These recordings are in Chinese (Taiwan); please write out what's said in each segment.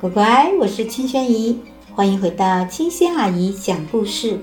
乖乖，我是青萱阿姨，歡迎回到青萱阿姨講故事。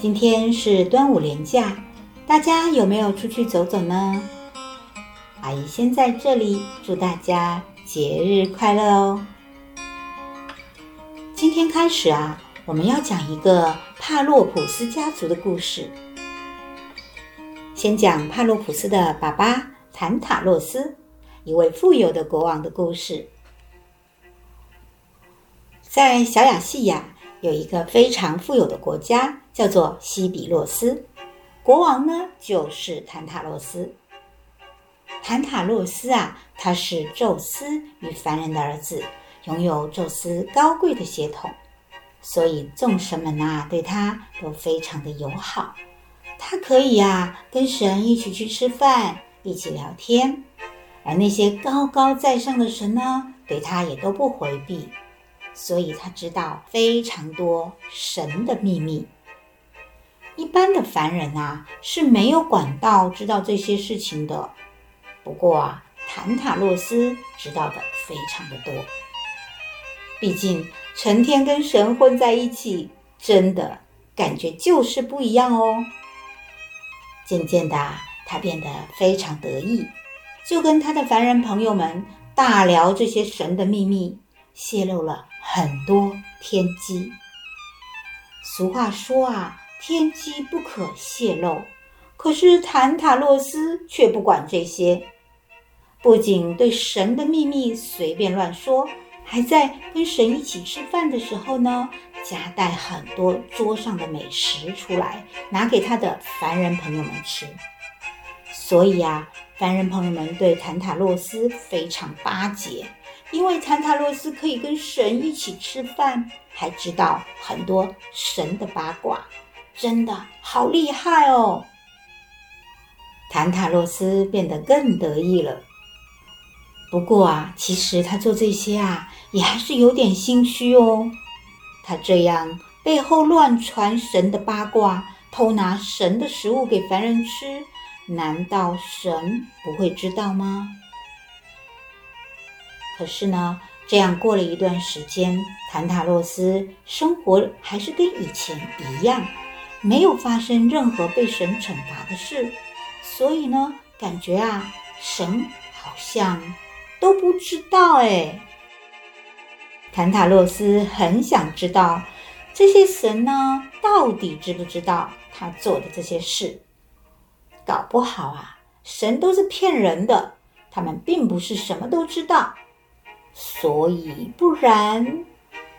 今天是端午連假，大家有沒有出去走走呢？阿姨先在這裡祝大家節日快樂哦。今天開始啊，我們要講一個帕洛普斯家族的故事。先講帕洛普斯的爸爸坦塔洛斯，一位富有的國王的故事。在小亞細亞有一個非常富有的國家，叫做西比洛斯。國王呢，就是坦塔洛斯。坦塔洛斯啊，他是宙斯與凡人的兒子，擁有宙斯高貴的血統，所以眾神們吶、啊、對他都非常的友好。他可以呀、啊、跟神一起去吃飯，一起聊天。而那些高高在上的神呢，對他也都不回避。所以他知道非常多神的秘密，一般的凡人啊是沒有管道知道這些事情的。不過啊，坦塔洛斯知道的非常的多，畢竟成天跟神混在一起，真的感覺就是不一樣哦。漸漸的，他變得非常得意，就跟他的凡人朋友們大聊這些神的秘密。洩露了很多天機。俗話說啊，天機不可洩露。可是坦塔洛斯卻不管這些，不僅對神的秘密隨便亂說，還在跟神一起吃飯的時候呢，夾帶很多桌上的美食出來，拿給他的凡人朋友們吃。所以啊，凡人朋友們對坦塔洛斯非常巴結。因為坦塔洛斯可以跟神一起吃飯，還知道很多神的八卦，真的好厲害哦！坦塔洛斯變得更得意了。不過啊，其實他做這些啊，也還是有點心虛哦。他這樣背後亂傳神的八卦，偷拿神的食物給凡人吃，難道神不會知道嗎？可是呢，這樣過了一段時間，坦塔洛斯生活還是跟以前一樣，沒有發生任何被神懲罰的事。所以呢，感覺啊，神好像都不知道哎。坦塔洛斯很想知道，這些神呢，到底知不知道他做的這些事？搞不好啊，神都是騙人的，他們並不是什麼都知道。所以，不然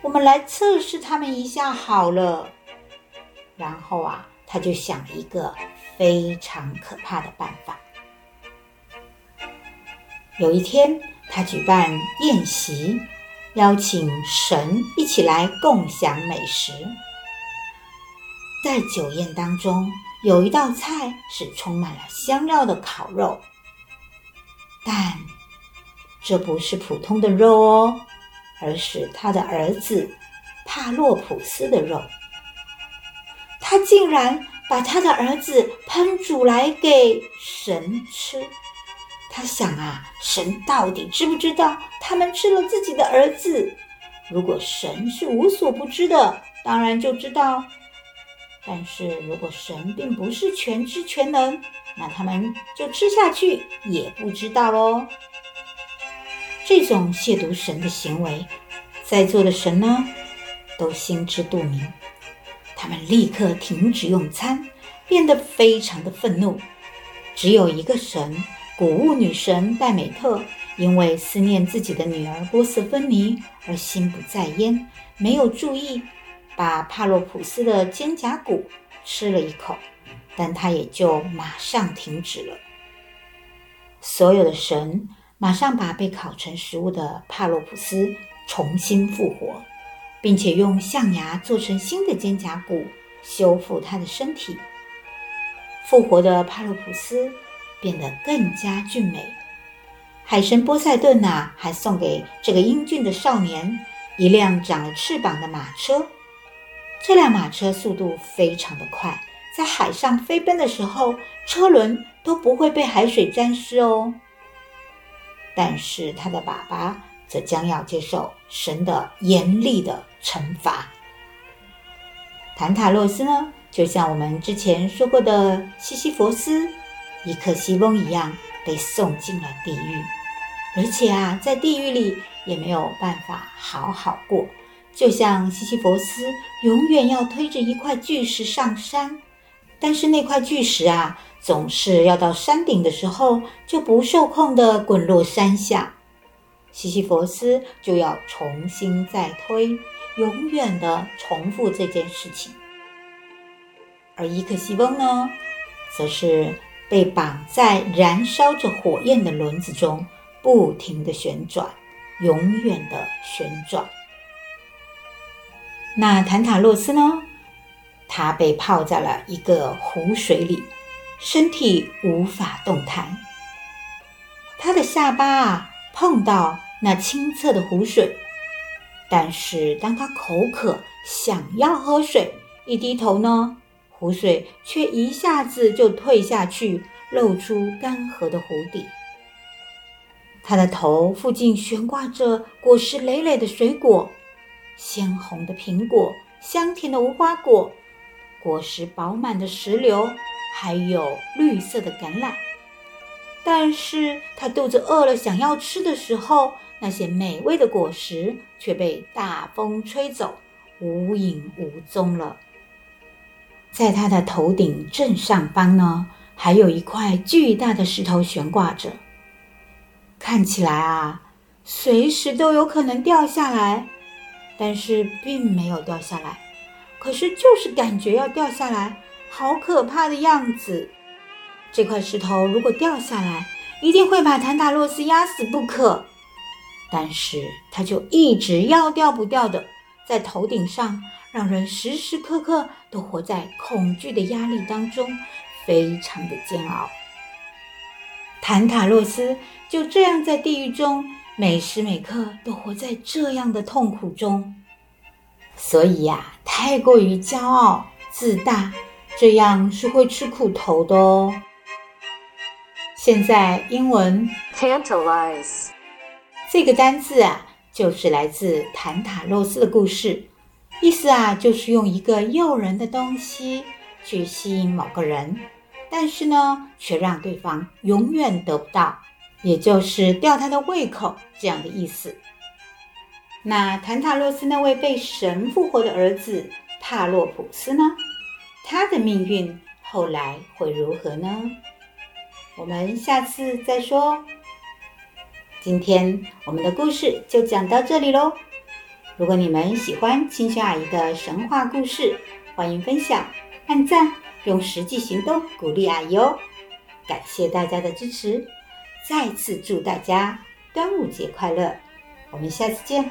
我們來測試他們一下好了。然後啊，他就想了一個非常可怕的辦法。有一天，他舉辦宴席，邀請神一起來共享美食。在酒宴當中，有一道菜是充滿了香料的烤肉。這不是普通的肉哦，而是他的兒子帕洛普斯的肉。他竟然把他的兒子烹煮來給神吃。他想啊，神到底知不知道他們吃了自己的兒子？如果神是無所不知的，當然就知道；但是如果神並不是全知全能，那他們就吃下去也不知道嘍。這種褻瀆神的行為，在座的神呢都心知肚明，他們立刻停止用餐，變得非常的憤怒。只有一個神——穀物女神戴美特，因為思念自己的女兒波瑟芬妮而心不在焉，沒有注意把帕洛普斯的肩胛骨吃了一口，但她也就馬上停止了。所有的神。馬上把被烤成食物的帕洛普斯重新復活，並且用象牙做成新的肩胛骨，修復他的身體。復活的帕洛普斯變得更加俊美。海神波塞頓吶、啊、還送給這個英俊的少年一輛長了翅膀的馬車。這輛馬車速度非常的快，在海上飛奔的時候，車輪都不會被海水沾濕哦。但是他的爸爸則將要接受神的嚴厲的懲罰。坦塔洛斯呢，就像我們之前說過的西西弗斯、伊克西翁一樣，被送進了地獄，而且啊，在地獄裡也沒有辦法好好過，就像西西弗斯永遠要推着一塊巨石上山。但是那塊巨石啊，總是要到山頂的時候就不受控的滾落山下，西西弗斯就要重新再推，永遠的重複這件事情。而伊克西翁呢，則是被綁在燃燒着火焰的輪子中，不停的旋轉，永遠的旋轉。那坦塔洛斯呢？他被泡在了一個湖水裡，身體無法動彈。他的下巴啊碰到那清澈的湖水，但是當他口渴想要喝水，一低頭呢，湖水卻一下子就退下去，露出乾涸的湖底。他的頭附近懸掛着果實累累的水果，鮮紅的蘋果，香甜的無花果。果實飽滿的石榴，還有綠色的橄欖。但是，他肚子餓了，想要吃的時候，那些美味的果實卻被大風吹走，無影無蹤了。在他的頭頂正上方呢，還有一塊巨大的石頭懸掛着，看起來啊，隨時都有可能掉下來，但是並沒有掉下來。可是就是感覺要掉下來，好可怕的樣子。這塊石頭如果掉下來，一定會把坦塔洛斯壓死不可。但是它就一直要掉不掉的，在頭頂上，讓人時時刻刻都活在恐懼的壓力當中，非常的煎熬。坦塔洛斯就這樣在地獄中，每時每刻都活在這樣的痛苦中。所以呀、啊。太過於驕傲自大，這樣是會吃苦頭的哦。現在英文 tantalize 這個單字啊，就是來自坦塔洛斯的故事，意思啊就是用一個誘人的東西去吸引某個人，但是呢卻讓對方永遠得不到，也就是吊他的胃口這樣的意思。那坦塔洛斯那位被神復活的兒子帕洛普斯呢？他的命運後來會如何呢？我們下次再說哦。今天我們的故事就講到這裡嘍。如果你們喜歡青萱阿姨的神話故事，歡迎分享、按讚，用實際行動鼓勵阿姨哦。感謝大家的支持，再次祝大家端午節快樂！我們下次見。